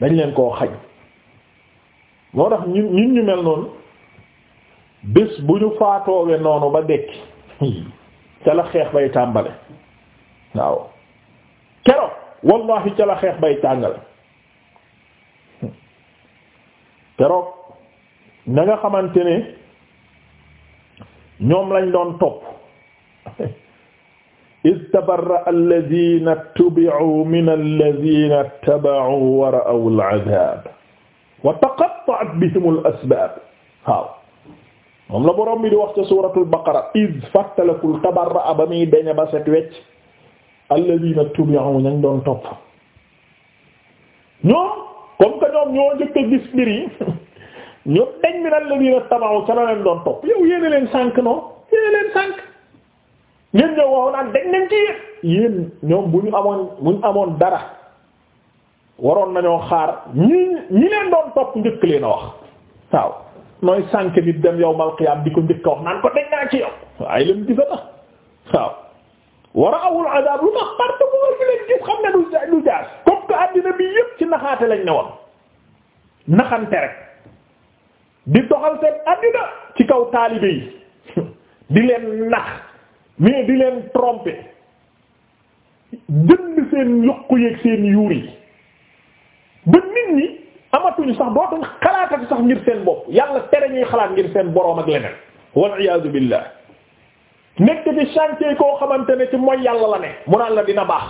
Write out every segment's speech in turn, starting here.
dañ leen koo xañ moo tax ñun ñun ñu mel noonu bés bu ñu faatoowe noonu ba dekki ca la xeex bay tàmbale waaw keroog wallahi ca la xeex bay tàngale keroog na nga xamante ne ñoom lañ doon topp istabarra alladina tubi'u min alladina taba'u wa ra'aw al'adab wa taqatta'at bihim al-asbab waaw moom la boroom bi di wax ca suuratul baqara id fattalakul tabarra ba muy deñe ba set wecc alladina tubi'u ñañ doon topp ñoom comme que ñoom ñoo njëkk a gis mbir yi ñoom dañ min alladina taba'u ca la leen doon topp yow yéena leen sànk noonu yéena leen sànk ngeen ñëw waxoon naan dañ nañ ci yéen ñoom bu ñu amoon bu ñu amoon dara waroon nañoo xaar ñi ñi leen doon topp njëkk leen a wax waaw nooy sànk nit dem yow mal di ko njëkk a wax naan ko dañ naa ci yow waaye leen gisa tax waaw war a awul adab lu tax parte bu war fi leen gis xam ne du du comme que àddina bi yépp ci naxaate lañ ne woon naxante rek di doxal seen àddina ci kaw taalibe yi di leen nax mais di leen tromper jënd seen yokku yuur yi ba nit ñi amatuñu sax dootuñ xalaatati sax ngir seen bopp yàlla tere ñuy xalaat ngir seen boroom ak leneen wal iyaadu billah nekk ci chantier koo xamante ne ci mooy yàlla la ne mu naan la dina baax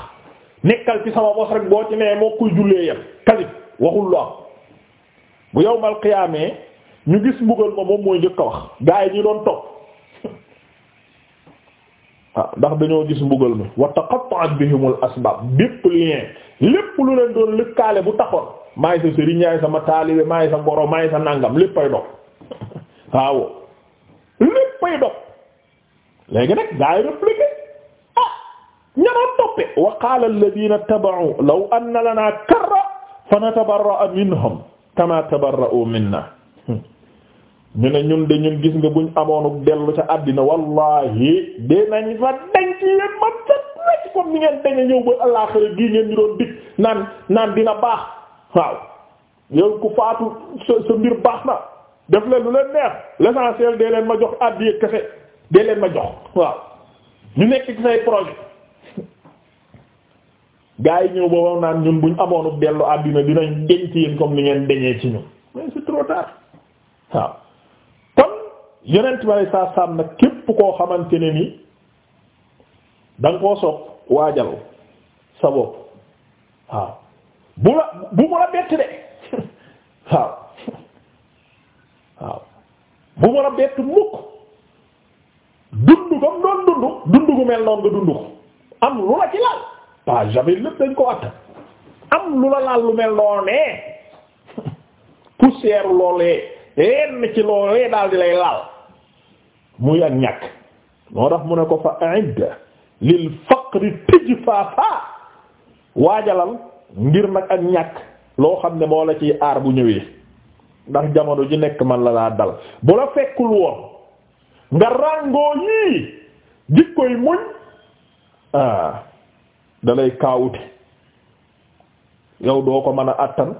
nekkal ci sama bos rek boo ci nee moo koy jullee yam kalib waxul lu am bu yowmal qiyaamee ñu gis mbugal ma moom mooy njëkk a wax gaa yi ñu doon topp waaw ndax dañoo gis mbugal mi wa taqatta'at bihimul asbaab bépp lien lépp lu leen doon lëkkaale bu taxoon maay sa sëriñ yaay sama taalibe maay sa goro maay sa nàngam léppay dog waaw léppay dog léegi nag gaa yi répliqué ah ñaroon toppe wa qaala alladhiina taba'u law anna karra fa natabarra'a minhum kamaa tabarra'u minna ñu ne ñun de ñun gis nga amoon amoonu dellu ca àddina wallahi dinañ fa denc leen ma set wecc comme ni ngeen dañe ñëw ba àllaaxira gii ngeen ñu doon dig naan naan dina baax waaw yow ku faatu sa sa mbir baax na def leen lu leen neex l'essentiel dee leen ma jox àddiya kese dee leen ma jox waaw ñu nekk ci say projet gaa yi ñëw booba naan ñun buñ amoonu dellu àddina dinañ denc yéen comme ni ngeen deñee ci ñu mais c'est trop tard waaw yeneen tubaab saa saam nag képp koo xamante ne ni da nga koo sopp waajal sa bopp waaw bu la bu mu la bett de waaw waaw bu mu la bett mukk dund comme doon dund dund gu mel noonu nga dund ko am lu la ci laal pas jamais lépp dañ ko attan am lu la laal lu mel noonee poussière loolee yenn ci loolee daal di lay laal. muy ak ñàkk moo tax mu ne ko fa a'idd lil faqri tijfafa waajalal ngir nag ak ñàkk loo xam ne moo la ciy aar bu ñëwee ndax jamono ji nekk man la laa dal bu la fekkul woon nga ràngoo yii jikkoy muñ ah, dalay kaawute yow doo ko mën a àttan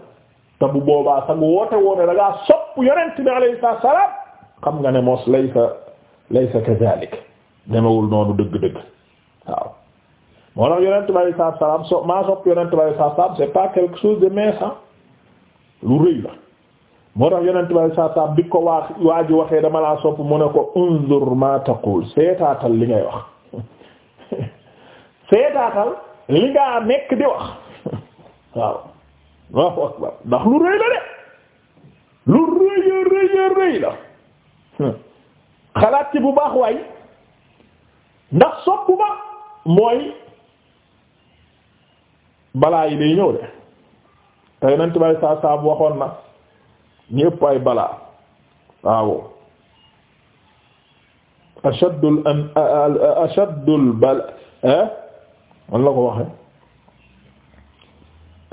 te boobaa sax woote woone da ngaa sopp yonent bi alayhi salaam xam nga ne moos lay sa laysa kadhalik demewul noonu dëgg-dëgg waaw moo tax yonent bi alayhi salaatu salaam so maa sopp yonent bi alayhi salaatu salaam c'est pas quelque chose de mince lu rëy moo tax yonent bi alayhi salaatu salaam bi ko waa waa ji waxee dama laa sopp mu ne ko unzur ma taqul seetaatal li ngay wax seetaatal li ngaa nekk di wax waaw waaw waaw ndax lu rëy de lu rëy rëy rëy la xalaat ci bu baax waay ndax sopp ma mooy balaa yi day ñëw de te yonent bay saa saa bu waxoon na ñu ëpp ay balaa waaw ashaddul an ashaddul bala eh man la ko waxe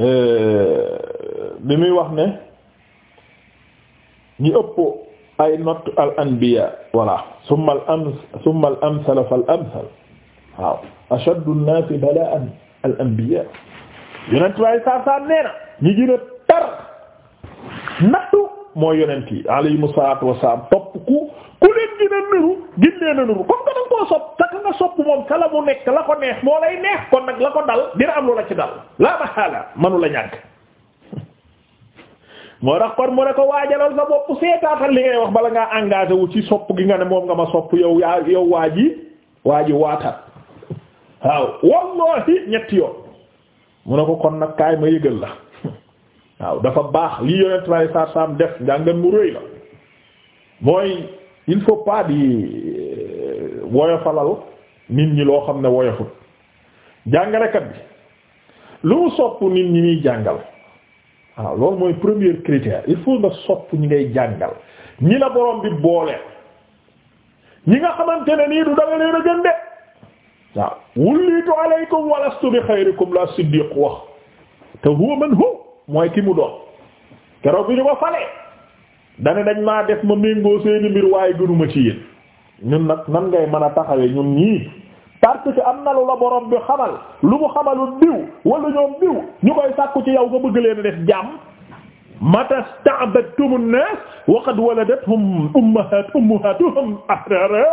eh, bi muy wax ne ñu ëpp ay not al anbiya voilà summa al am summa al amsal fal amsal waaw ashaddu an-naasi balaa'an al anbiya yonent waaye saa saa nee na ñi gën a tar nattu mooy yonent yi alayhimu salaatu wassalaam topp ku ku leen gën a niru gindee na niru comme que danga koo sopp te nga sopp moom kala mu nekk la ko neex moo lay neex kon nag la ko dal dina am lu la ci dal la mahala manu la ñàkk moo tax kon mu ne ko waajalal sa bopp seetaatal li ngay wax bala ngaa engagé ci sopp gi nga ne moom nga ma sopp yaw yaa yow waa ji waa ji waatal waaw wallahi ñetti yoon mu ne ko kon nag kaay ma yëgal la waaw dafa baax lii yonent baay saar saam def njàngan mu rëy la mooy il faut pas di euh, woyofalal nit ñi loo xam ne woyofut jàngalekat bi lu mu sopp nit ñi muy jàngal waaw loolu mooy premier critère il faut nga sopp ñi ngay jàngal ñi la borom bi boole ñi nga xamante ne nii du danga leen a gën de waaw wullitu alaykum walastu bi xayrikum la siddiq wax te huwa man hu mooy ki mu doon keroog bi ñu ko falee dane dañ maa def ma méngoo seeni mbir waaye gënuma ci yéen ñun nag nan ngay mën a taxawee ñun ñii parce que am na lu la borom bi xamal lu mu xamalul diw wala ñoom diw ñu koy sàkku ci yow nga bëgg leen def jàmm mata sta'badtum an-nas wa qad waladathum ummahat ummahatuhum ahrara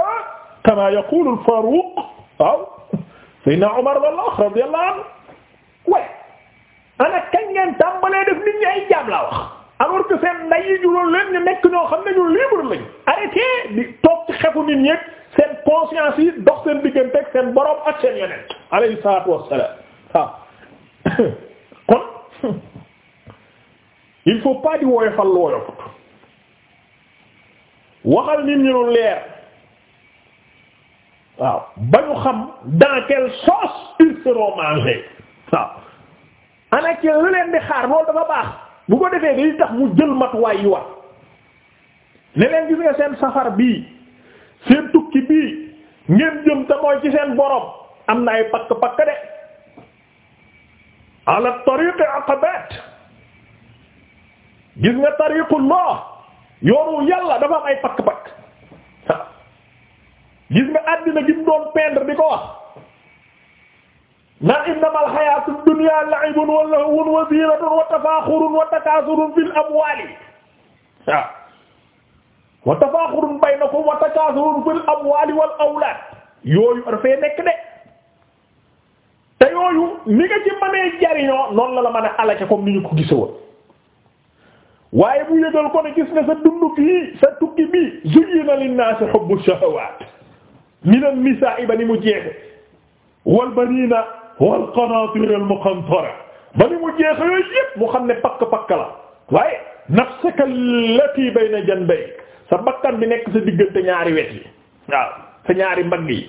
kama yaqulu al-Faruq waaw sayna Umar wallah radiyallahu anhu way ana kañ ngeen tàmbalee def nit ñi ay jaam laa wax alors que seen nday yi juloon leen ñu nekk ñoo xam ne ñu libre lañ arrêté di toog ci xefu nit ñi seen conscience yi dox seen diggante ak seen borom ak seen yonent alayhi salaatu waaw kon il faut pas di woyofal lu woyofut waxal nit ñi lu leer waaw ba ñu xam dans quelle sauce ils seront mangés waaw ana ci di xaar loolu dafa baax bu ko defee day tax mu jël matuwaay yi wax ne leen gis nga seen safar bii. seen tukki bii ngeen jëm te ci seen borom am na ay pakk-pakk de ala tariqi aqabat gis nga tariqullah yoonu yàlla dafa am ay pakk-pakk gis nga àddina gi mu doon peindre di ko wax na innamal hayatud dunya la'ibun wa lahwun wa zinatun wa tafakhurun wa takasurun fil amwali waaw wa tafaaxurun baynakum wa takaasurun fil amwaali wal awlaad yooyu dafay nekk de te yooyu ni nga ci mënee jariñoo noonu la la mën a alake comme ni ñu ko gisewoon waaye bu yëgal ko ne gis nga sa dund fii sa tukki bii zuyyina linnaasi hubbu shahawaat minal nisaa'i ba ni mu jeexe wal baniina wal qanaatiir al muqantara ba ni mu jeexe yooyu yépp mu xam ne pakk pakk la waaye nafsaka allati bayna janbayk sa bakkan bi nekk sa diggante ñaari wet yi waaw sa ñaari mbagg yi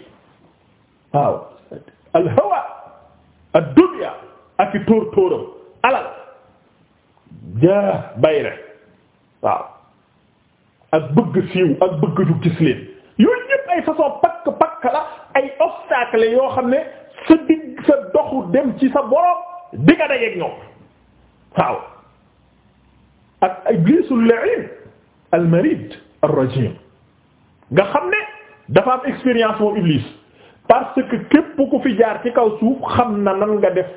waaw al hawa ak i tóor tóoram alal bayre waaw ak bëgg siiw ak bëgg ju gis leen yooyu ñëpp ay façon pakk pakk la ay obstacle yoo xam ne sa digg sa doxu dem ci sa borom di nga dajeek ñoom waaw ak iblisul la'in al ar-rajim nga xam ne dafa am expérience moom Iblis parce que képp ku fi jaar ci kaw suuf xam na nan nga def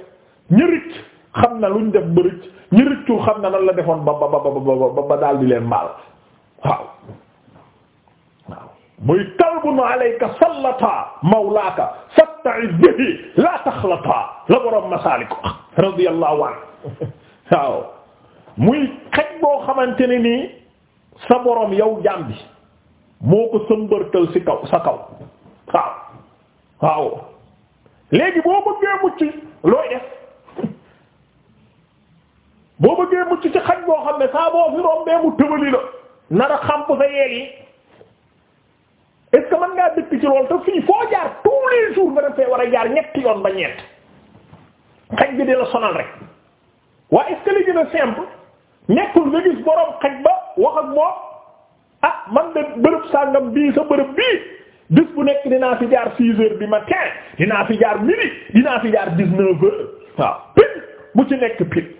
ñu rëcc xam na luñ def ba rëcc ñu rëccul xam na nan la defoon ba ba ba ba ba daal di leen maal waaw waaw muy kalbun alayka sallata mawlaaka fatta'iz bihi la taxlata la borom masaalik radiyallahu anhu waaw muy xaj boo xamante ne nii sa borom yow jaam bi moo ko sëmbërtal ci kaw sa kaw waaw waaw léegi boo bëggee mucc looy def boo bëggee mucc ci xaj boo xam ne saa boo fi rombee mu tëbali la nar a xamp sa yeel yi est-ce ngaa dëkk ci loolu te fii foo jaar tous les jours fee war a jaar ñetti yoon ba ñett xaj bi di la sonal rek waa est li gën a simple nekkul nga gis borom xaj ba wax ak moom ah man de bërëb sàngam bii sa bërëb bii bis bu nekk dinaa fi jaar six heures du matin dinaa fi jaar midi dinaa fi jaar dix-neuf heures waaw pile bu ci nekk pile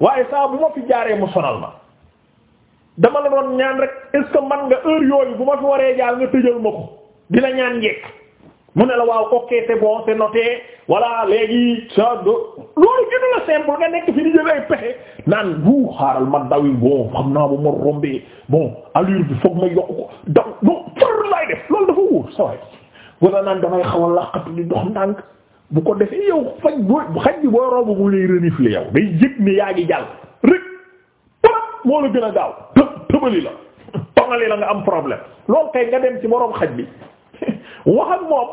waaye saa bu ma fi jaaree mu ma dama la doon ñaan rek est-ce que man nga heure yooyu bu ma fi waree jaar nga tëjal ma ko dina ñaan njekk mu ne la waaw ok c'est bon c'est noté voilà léegi ça do loolu gënu la simple nga nekk fi di jël ay pexe naan bu xaaral ma dawi bon xam naa bu ma rombee bon allure bi foog ma yokk ko daw def loolu dafa wóor sa wala naan damay xaw a bu ko defee yow faj boo xaj bi boo romb mu lay renifler yow day yëg ni yaa ngi jàll rek moo la gën a gaaw të tëbali la tongali la nga am problème loolu kay nga dem ci borom xaj bi wax moom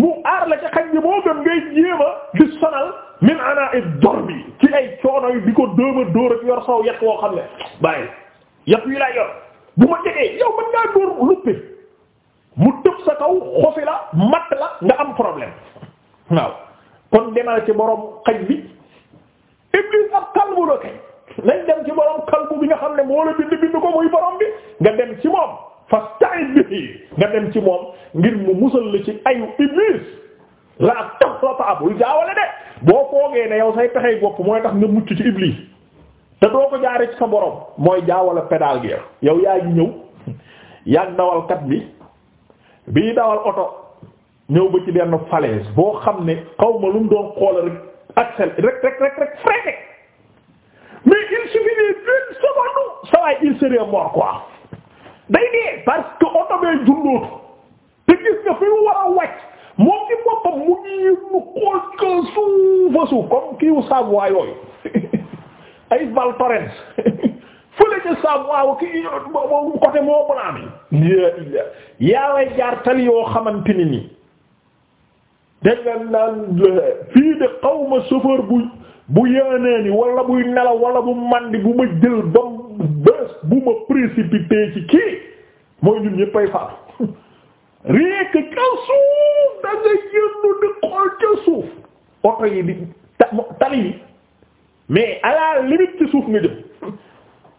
mu aar la ca xaj bi moom gën ngay jéem a di sonal min ana it dor bi ci ay coono yi di ko dóoma dóor yor saw yet woo xam ne bàyyi yet yi laa yor bu ma jegee yow mën ngaa dóor luppe mu tëb sa kaw xofi la matt la nga am problème waaw kon demal ci borom xaj bi iblis ab kalbu la kay nañ dem ci borom kalbu bi nga xam ne moo la bind bind ko muy borom bi nga dem ci moom fasta'id bihi nga dem ci moom ngir mu musal la ci ayu iblis la taxlata bul jaawale de boo foogee ne yow say pexey bopp mooy tax nga mucc ci iblis te doo ko jaare ci sa borom mooy jaawale pédale gi yow yaa ngi ñëw yaa ngi dawalkat bi bii dawal oto ñëw ba ci benn falaise boo xam ne xaw ma lu mu doon xool rek accel rek rek rek rek freiné mais il suffit d'une seconde ça va il serait mort quoi. day dee parce que oto jullootu te gis nga fi mu war a wàcc moom ci boppam mu ngi mu xool ka comme kiiwu Savoie yooyu ay Val Thorens fële ca Savoie kii côté moo banaa mi yàlla jaar tali yoo xamante ni nii dégg nga naan fii de xawma chauffeur bu bu yéenee ni wala buy nelaw wala bu mandi bu ma jël dom bés bu ma précipité ci kii mooy ñun ñëppay faatu rien ca suuf da nga di xool ca suuf oto yi di tali yi mais à la limite ci suuf nga jëm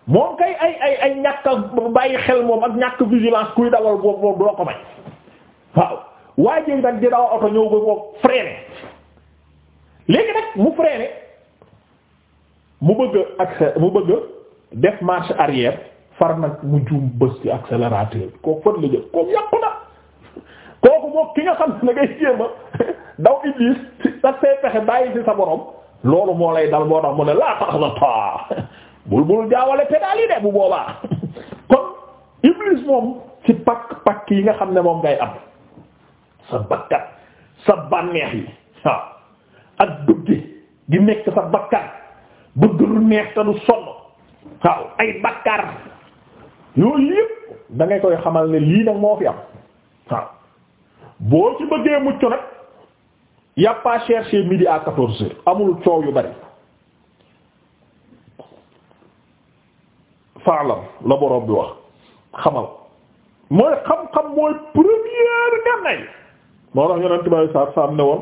moom kay ay ay ñàkk bàyyi xel moom ak ñàkk vigilance kuy dawal boobu moom doo ko may waaw waaye jël nag di dawal oto ñëw ba moom léegi nag mu freiné mu bëgg accès mu bëgg def marche arrière far nag mu juum bës ci accélérateur bi kooku fot la jël kooku yàqu na kooku moom ki nga xam ne ngay jéema daw iblis sa pexe bàyyi ci sa boroom loolu moo lay dal moo tax mu ne laa tax na taa bul bul jaawale pédale yi de bu boobaa kon iblis moom ci pakk pakk yi nga xam ne moom ngay am sa bakkat sa bànneex yi waaw ak dugge gi nekk sa bakkat bëgg lu neex te waaw ay bakkaar yooyu yëpp da koy xamal ne lii nag moo fi am waaw boo ci bëggee mucc nag y chercher midi à quatorze amul coow yu bari faalam la borom bi wax xamal mooy xam-xam mooy première gànnaay moo tax yonent bi sallallahu alayhi wasallam ne woon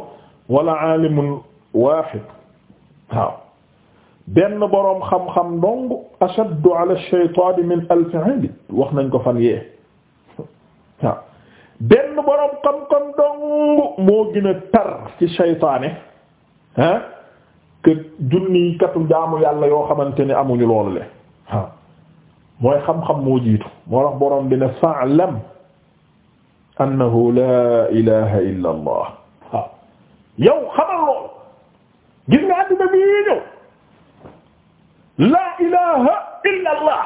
wala alimun wahid waaw benn boroom xam-xam ndong ashaddu ala shaytaan min alf abid wax nañ ko fan yee benn boroom xam-xam ndong moo gën a tar ci shaytaane ah que junniy katu jaamu yàlla yoo xamante ne amuñu loolu le waaw mooy xam-xam moo jiitu moo tax boroom bi ne la ilaha illa allah yow xamal loolu gis nga àddina bi laa ilaha illa allah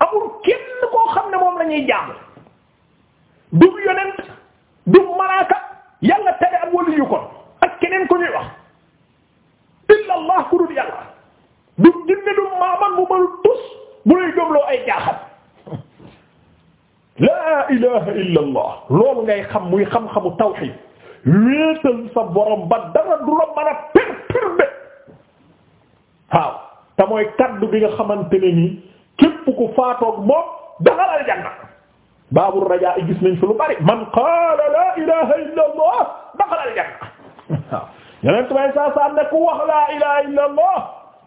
amul kenn koo xam ne moom la ñuy jaamu du yonent du malaaka yàlla tere am wali yu kon ak keneen ko ñuy wax illa allah ku dul yàlla du jinne du maaman bu mënul tus bu lay gëmloo ay jaaxal laa ilaha illa allah loolu ngay xam muy xam-xamu tawhid wéetal sa borom ba dara du la mën a perturbé waaw te mooy bi nga xamante ne nii képp ku faatoog moom daxalal janna baabul rajaa i gis nañ fi lu bari man qaala laa ilaha illa allah daxalal janna yeneen tu saa saa ne ku wax laa ilaha illa allah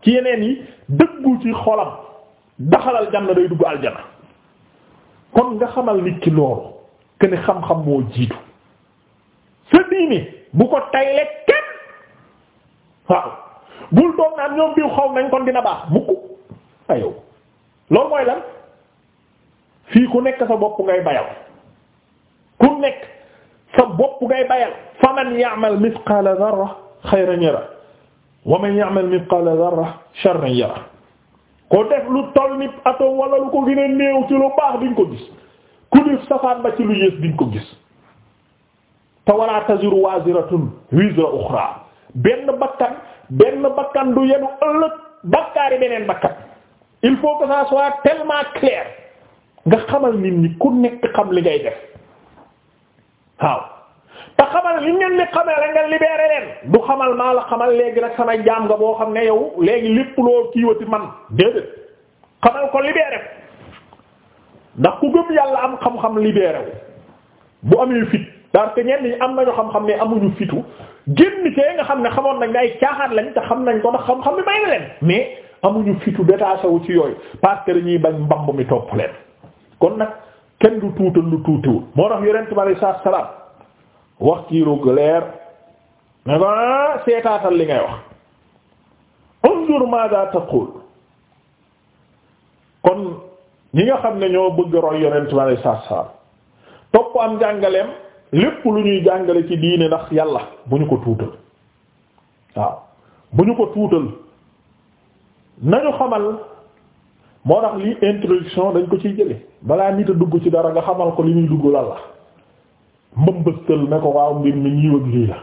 ci yeneen yi dëggu ci xolam daxalal janna day dugg aljanna kon nga xamal nit ki loolu ne xam-xam moo jiitu sa diine bu ko tayle kenn waaw bul toog naan ñoom biw xaw nañ kon dina baax mukk ayow loolu mooy lan fii ku nekk sa bopp ngay bayal ku nekk sa bopp ngay bayal faman ya'mal mithqala dharra khayran yara wa yara ko def lu toll ni atom wala lu ko gën a néew ci baax diñ ko gis ku def safaan ba ci lu yées diñ ko gis te wala taziru waziratun wizra ukhra benn bakkan benn bakkan du yenu ëllëg bakkaari beneen bakkan il faut que ça soit tellement clair nga xamal nit ñi ku nekk xam li ngay def waaw te xamal li ngeen li xamal la nga libéré leen du xamal maa la xamal léegi nag sama jaam nga boo xam ne yow léegi lépp loo kiiwati man déedéet xamal ko libeere ko ndax ku gëm yàlla am xam-xam libéré wu bu amee fit parce que ñi am nañu xam-xam ne amuñu fitu génn cee nga xam ne xamoon nañ ne ay caaxaan lañ te xam nañ ko ndax xam-xam bi may na leen mais amuñu fitu détaché wu ci yooyu parce que dañuy bañ mbamb mi topp leen kon nag kenn du tuutal lu tuutiwul moo tax yonent bi alayhi salaam wax ci rug leer ne ko ah, seetaatal li ngay wax unzur maada taqul kon ñi nga xam ne ñoo bëgg roy yonent bi alayhi salaam topp am jàngaleem lépp lu ñuy jàngale ci diine ndax yàlla bu ñu ko tuutal waaw bu ñu ko tuutal nañu xamal moo tax lii introduction dañ ko ciy jële balaa nit a dugg ci dara nga xamal ko li ñuy dugg lal la mbëmbëstal ne ko waaw mbir mi ñiiw ak lii la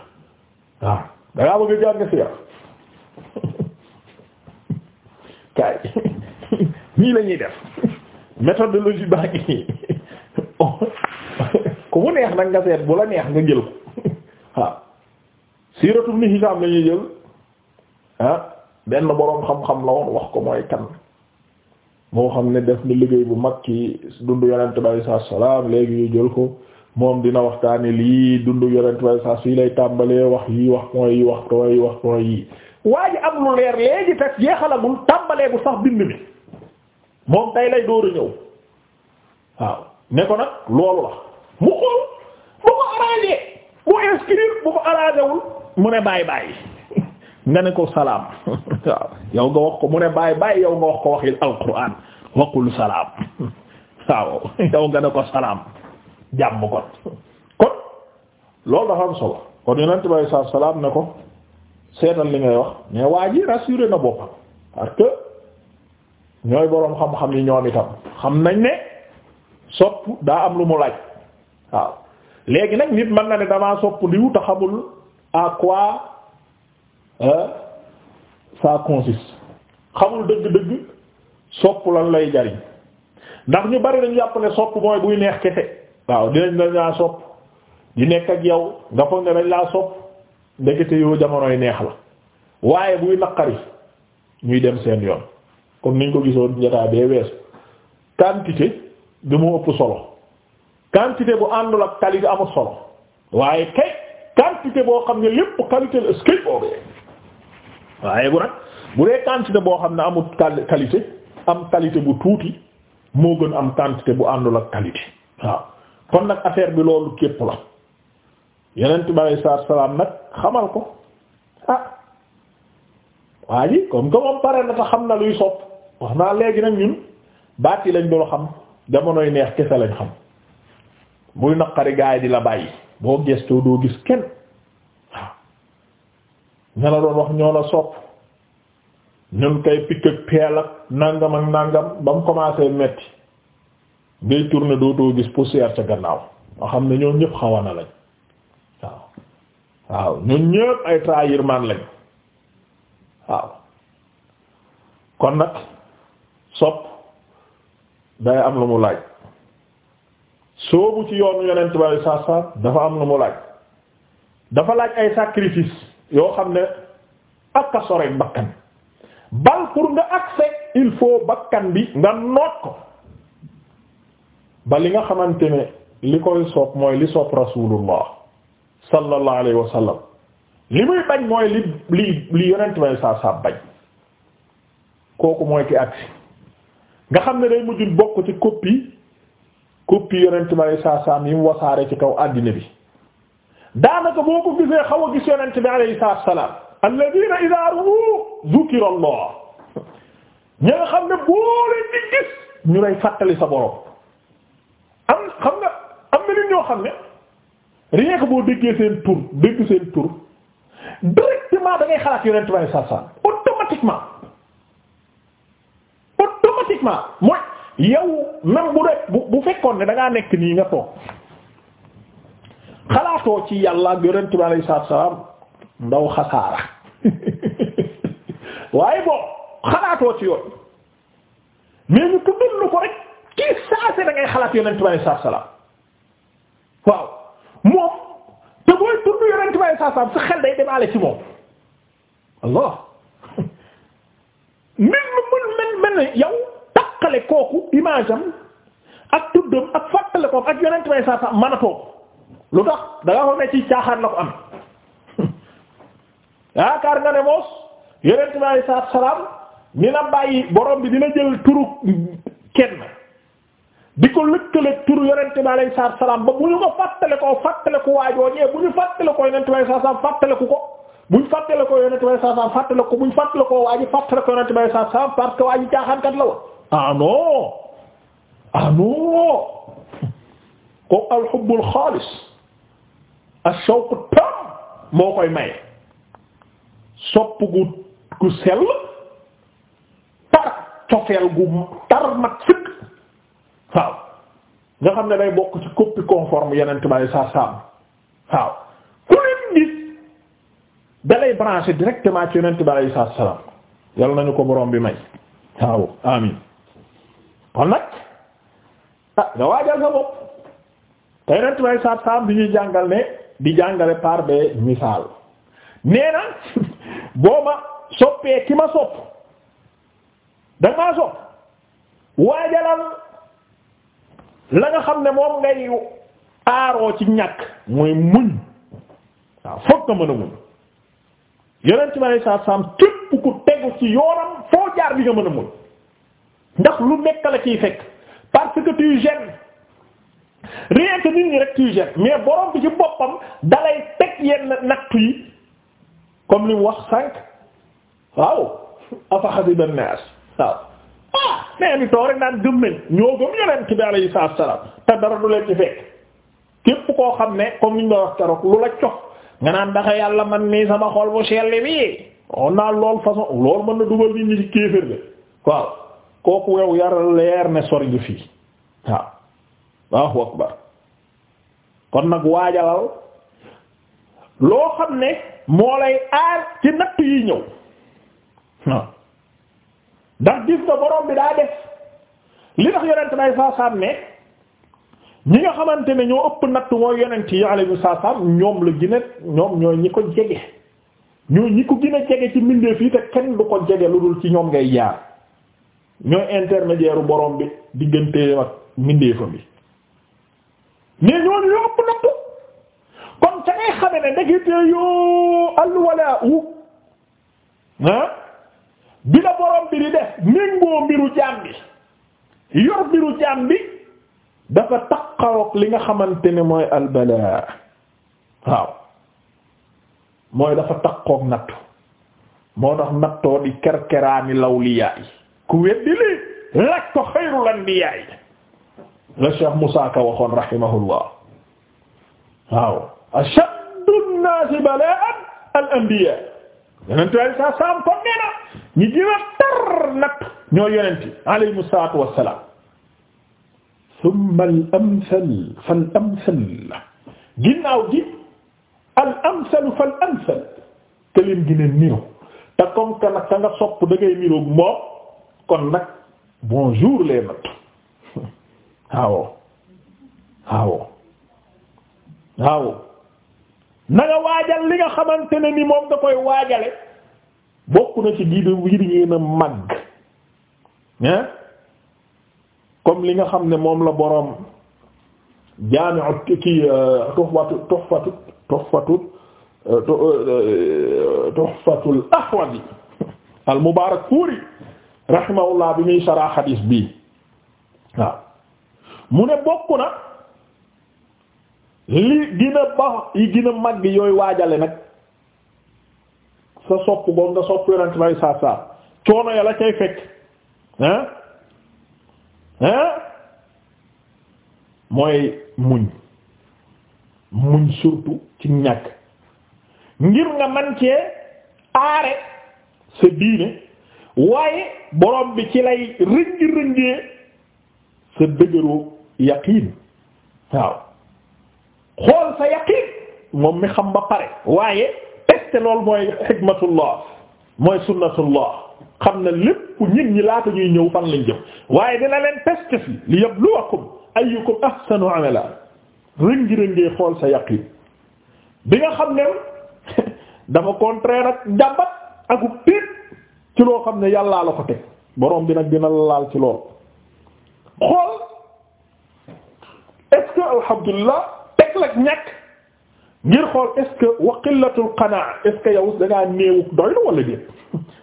waaw dangaa bëgg a jàng sira kay nii lañuy def méthodologie baa ngi ku mu neex nag nga seet bu la neex nga jël ko waaw siiratu Ibn Hisham la jël ah benn boroom xam-xam la woon wax ko mooy kan moo xam ne def na liggéey bu mag ci dundu yonent bi sallallahu alayhi léegi ñu jël ko moom dina waxtaani lii dundu yonent bi sallallahu alayhi wasallam fii lay tàmbalee wax yi wax point wax point wax point yi waa am lu leer léegi te jeexalagul tàmbaleegu sax bind bi moom tey lay dóor a ñëw waaw ne ko nag loolu la mu xool bu ko arrangé mu inscrire bu ko arrangé mu ne bàyyi bàyyi nga ne ko salaam waaw yow nga wax ko mu ne bàyyi bàyyi yow nga wax ko waxil alquran waqul salaam waaw yow nga ne ko salaam jàmm kon kon loolu dafa am solo kon yonent bi alayhi salaatu salaam ne ko seetal li ngay wax mais waa ji rassuré na boppam parce que ñooy boroom xam-xam yi ñoom itam xam nañ ne sopp daa am lu mu laaj. waaw léegi nag nit man na ne damaa sopp diw te xamul à quoi consiste xamul dëgg-dëgg sopp lan lay jariñ ndax ñu bari dañu jàpp ne sopp mooy buy neex kese waaw dinañ la ñaa sopp di nekk ak yow nga foog ne dañ laa sopp ndekete yoo jamonoy neex la waaye buy naqari ñuy dem seen yoon comme niñ ko gisoon jotaay bee weesu quantité du mu ëpp solo quantité bu àndul ak qualité amul solo waaye kay quantité boo xam ne lépp qualité la eskay boobee waaye bu nag bu dee quantité boo xam ne amul qualité am qualité bu tuuti moo gën am quantité bu àndul ak qualité waaw kon nag affaire bi loolu képp la yeneen bi alei salatua salaam nag xamal ko ah waa ji comme que moom pare na te xam na luy sopp wax naa léegi nag ñun baat yi lañ doon xam jamonoy neex kese lañ xam muy naqari gaa yi di la bàyyi boo gestoo doo gis kenn waaw ña la doon wax ñoo la sopp ñun kay pikk ak peel ak nàngam ak nàngam ba mu metti ngay tourner dootoo gis poussière ca gannaaw nga xam ne ñoo ñëpp xawana lañ waaw waaw ñun ñëpp ay trahir lañ waaw kon nag sopp day am lu mu laaj soobu ci yoon yonent bi alei saatu salam dafa am lu mu laaj dafa laaj ay sacrifice yoo xam ne ak a sorek bakkan bal pour nga accès il faut bakkan bi nga noot ko ba li nga xamante ne li koy sopp mooy li sopp rasulullah sallallahu alayhi wa sallam li muy bañ mooy li li li yonent bi alei saatu bañ kooku mooy ki accès nga xam ne day mujjul bokk ci copie copie yonent bi alayhi salaatu salaam yi mu wasaare ci kaw àddina bi daanaka boo ko gisee xaw a gis yonent bi alayhi salaatu salaam alladina idaa ruu zukira allah ñi xam ne boo leen di gis ñu lay fàttali sa borom am xam nga am na nit ñoo xam ne rien que boo déggee seen tur dégg seen tur directement da ngay xalaat yonent bi alayhi salaatu salaam automatiquement automatiquement mooy yow même bu dee bu bu fekkoon ne da nekk nii nga toog xalaatoo ci yàlla ak yonent bi alayhi salaam ndaw xasaara waaye boo xalaatoo ci yoon mais ñu tuddul lu ko rek kii saase da xalaat yonent bi alayhi salaatu salaam ci mel mel mel yow. taqale kooku image am ak tuddam ak fàttale ko ak yonent may saa saa mën a lu tax da nga ko ne ci caaxaan la ko am yaakaar nga ne moos yonent may saa salaam dina bàyyi borom bi dina jël turu kenn di ko lëkkale turu yonent bi alayhi ba bu ñu ko fàttale ko fàttale ko waajoo ñee bu ñu fàttale ko yonent bi alayhi salaam fàttale ko bu ñu fàttale ko yonent bi alayhi salaam fàttale ko bu ñu fàttale ko yonent bi alayhi parce que waaji caaxaankat la woon ah non ah non ko alxubbul xaalis ashawq tam moo koy maye sopp gu sell par cofeel gu tar mat sëkk waaw nga xam ne day bokk ci copie conforme yeneen tubaab yi saa saam waaw ku leen gis dalay branché directement ci yeneen tubaab yi saa salaam yàlla nañu ko borom bi may waaw amin kon nag ah nga waajal sa bopp te yonent bay saab saab bi ñuy jàngal ne di jàngale par des misaal nee na boo soppee ki ma sopp danga sopp waajalal la nga xam ne moom ngay aaroo ci ñàkk mooy muñ waaw fokk nga mën a muñ yonent bay saab saab képp ku tegu ci yoonam foo jaar bi nga mën a muñ ndax lu nekk la ciy fekk parce que tu gênes rien que nit ñi rek tu gênes mais borom bi ci boppam dalay teg yenn nattu yi comme li mu wax sànq waaw afa hasiba an-nas waaw ah nee dara du leen ci fekk képp koo xam ne comme ni ñu wax keroog lu la cox nga naan dafa yàlla man nii sama xol bu selli bi on a lool façon loolu mën na dugal nit ñi ci kéefër de waaw kooku yow yar leer ne sori ju fii waaw Allahu akbar kon nag waajalal loo xam ne moo lay aar ci natt yi ñëw waaw ndax gis nga borom bi daa def li tax yonent nay saasaam ne ñi nga xamante ne ñoo ëpp natt mooy yonent yi alayhi saasaam ñoom la gën ñoom ñooy ñi ko jege ñooy ñi ko gina a jege ci mbindeef fii te kenn du ko jege lu dul ci ñoom ngay jaar ñooy intermédiaire borom bi diggante ak mbindeefam bi mais ñooñu ñoo ëpp kon ca ngay xame ne ndekete yoo alwalaa wu ah bi la borom bi di def méngoo mbiru jaam yor mbiru jaam dafa taqaroog li nga xamante ne mooy albalaa waaw mooy dafa taqoog nattu moo tax nattoo di kerkeraani lawliyaa yi ku weddi lii lak ko xayrul anbiya la Cheikh Moussa Ka waxoon rahimahullah waaw ashaddu an-naasi balaa'an al-anbiya yonent ay sa saam kon nee na ñi gën a tar nag ñoo yonent alayhimu salaatu wassalaam thumma al-amthal fal-amthal ginnaaw gi al-amthal fal-amthal te leen gën a niru te comme que nag ka nga sopp da ngay niroog moom kon nag jour les notes waaw waaw waaw na waajal li nga xamante ne ni moom da koy waajale bokk na ci gii de wiir yéen a màgg hein comme li nga xam ne moom la boroom jaami'u ki euh, tuhfatu tuhfatu tuhfatu euh, euh, tuhfatul ahwazi al rahimahullah bi muy saraa xadiis bii waaw mu ne bokk na li gën ba yi gën mag yooyu waajale nag sa sopp goog nga sopp yonent may saar coono ya la cay fekk hein hein mooy muñ muñ surtout ci ñàkk ngir nga man cee aare sa diine waaye borom bi ci lay rëngi rëngee sa dëgëru yaqiin waaw xool sa yaqiin moom mi xam ba pare waaye peste lool mooy xikmatullah mooy sunnatullah xam na lépp ñin ñi laata ñuy ñëw fan lañ jëm waaye dina leen peste fi li yabluwakum ayyukum ahsanu amala rëngi rëngee xool sa yaqiin bi nga xam ne dafa contraire ak njàmbat ak u ci loo xam ne yàllaa la ko teg borom bi nag dina laal ci lool xool est alhamdulilah teg la ñàkk ngir xool est wa qillatul qanaa est yow da ngaa doy na wala déet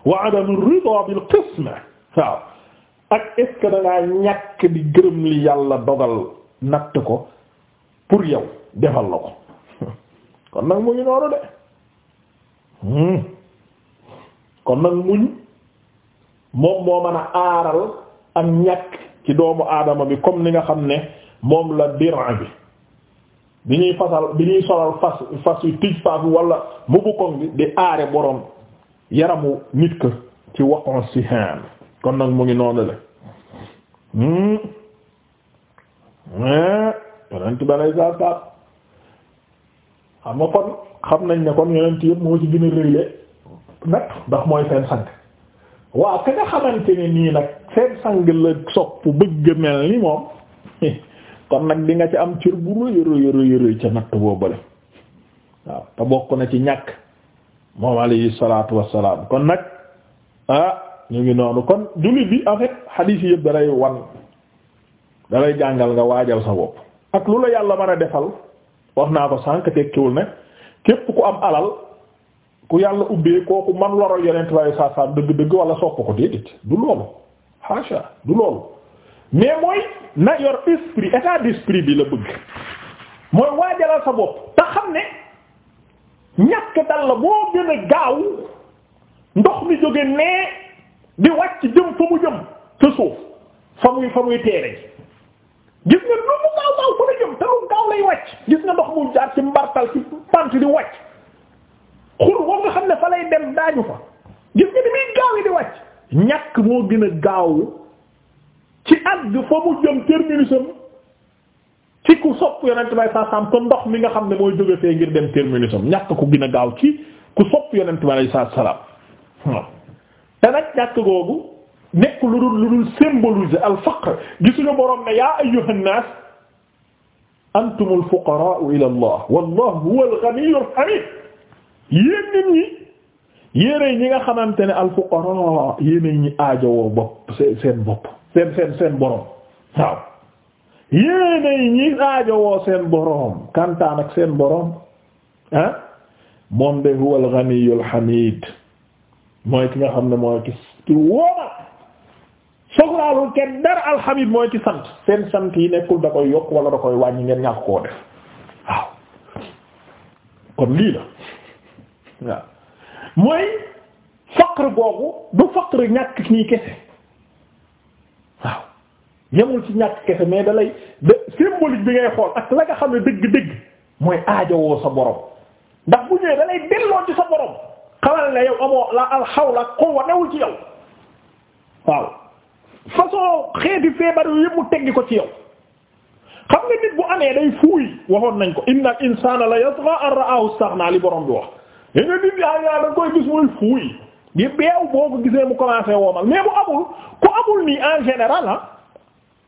wa adamu rida bil qisma waaw ak est-ce ñàkk di gërëm li yàlla dogal natt ko pour yow defal la ko kon nag mu ngi nooru de hmm. kon nag muñ moom moo mën a aaral ak ñàkk ci doomu aadama bi comme ni nga xam ne moom la diran bi bi ñuy fasal bi ñuy solal fas fas yu tij fas wala mu bukkoŋ bi di aare boroom yaramu nit ka ci waqon si hen kon nag mu ngi noonu le hmm? hmm? yonent ba nañ ne kon yonent ndax mooy seen sang waaw ka nga xamante ne nii nag seen sang la sopp bëgg mel ni moom kon nag di nga ci am cër bu rëy rëy rëy rëy ca natt boobale waaw te bokk na ci ñàkk moom alayhi salaatu wassalaam kon nag ah ñu ngi noonu kon jullit bi en fait xadiis yëpp dalay wan dalay jàngal nga waajal sa bopp ak lu la yàlla mën a defal wax naa ko sànq tekkiwul ne képp ku am alal ku yàlla ubbee kooku man loro yonent waaye saa saa dëgg-dëgg wala sopp ko déedéet du loolu haasha du loolu mais mooy na yor esprit état d'esprit bi la bëgg mooy waajalal sa bopp te xam ne ñàkk dal la boo gën a gaaw ndox mi jóge nee di wàcc jëm fa mu jëm te suuf fa muy fa muy teere gis nga lu mu gaaw gaaw fa jëm te lu gaaw lay wàcc gis nga ndox mu jaar ci mbartal ci pant di wàcc xur woo nga xam ne fa lay dem daaju fa gis nga ni muy gaaw yi di wàcc ñàkk ci àgg fa mu jëm ndox mi nga xam ne mooy jóge fee ngir dem terminusam ñàkk ko gën a gaaw ci ku sopp yonent bay saasaam waaw te nag ñàkk googu nekk lu dul lu dul symboliser al faqr gisuñu boroom ne yaa ayyuhan naas antumul fuqaraa ila Allah wallahu huwal ghaniyyul hamiid yéen nit ñi yéenay ñi nga xamante ne al fuqara yéenay ñi aajowoo bopp seen seen bopp seen seen seen borom waaw yéenay ñi aajowoo seen borom kantaan ak seen boroom ah moom de huwa al ghani mooy ki nga xam ne mooy ki ki wooma soxlaalul kenn dara alhamid mooy ci sant seen sant yi nekkul da koy yokk wala da koy wàññi ngeen ñàkk koo def waaw kon lii la. waaw mooy faqr googu du faqr ñàkk nii kese waaw yemul ci ñàkk kese mais da lay da bi ngay xool ak la nga xam ne dëgg-dëgg mooy aajowoo sa borom ndax bu ñëwee da delloo ci sa borom xamal na yow amoo la alxawla quwwa newul ci yow waaw façon xeeti feebar yooyu yëpp mu teggi ko ci yow xam nga nit bu amee day fuuy waxoon nañ ko inna al insana la yatgha an ra'ahu istaghna li borom bi wax nga nit yaa yaa da koy gis muy fuuy di beew boo ko gisee mu commencé woomal mais bu amul ku amul nii en général ah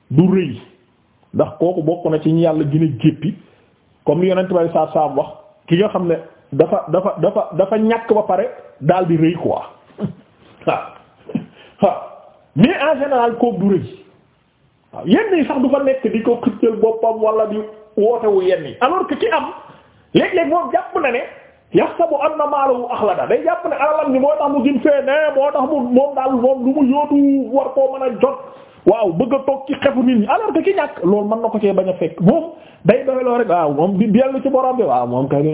du rëy ndax kooku bokk na ci yàlla gën a comme li yonent bay saab saab ki nga xam ne dafa dafa dafa dafa ñàkk ba pare daal di rëy quoi en général kooku du rëy waaw du fa nekk di ko xëccal boppam wala di wootewu yenn yi alors que ki am léeg-léeg moom jàpp na ne yaxsabu anna maalahu axlada day jàpp ne alalam ni moo tax mu gën fee ne moo tax mu moom daal moom lu mu yóotu war koo mën a jot waaw bëgg a toog ci xefu nit ñi alors que ki ñàkk loolu mën na ko cee bañ a fekk moom day doxeloo rek waaw moom bi dellu ci borom bi waaw moom kay du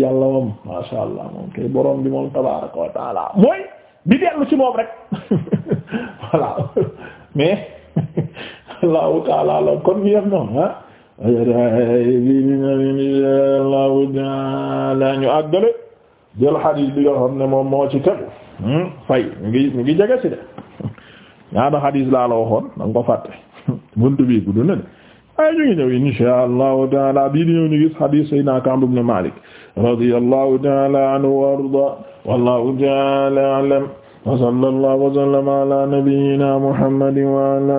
yàlla moom masha allah moom kay borom bi moom tabaaraka wa taala mooy di dellu ci moom rek voilà mais allahu taala la kon ñu noonu ah ñu àggale jël xadiis bi nga xam ne moom moo ci tegu hmm? fay ñu ngi ñu ngi jege si de ñaata xadiis laa la waxoon da nga ko fàtte buntu bi gudd na de ay ñu ngi ñëw insha allahu taala bii di ñëw ñu gis xadiis Seydina Ka'b ibn Malik radiyallahu taala anhu wa arda wallahu taala a'lam wa sallallahu wa sallama ala nabiyyina Muhammadin wa ala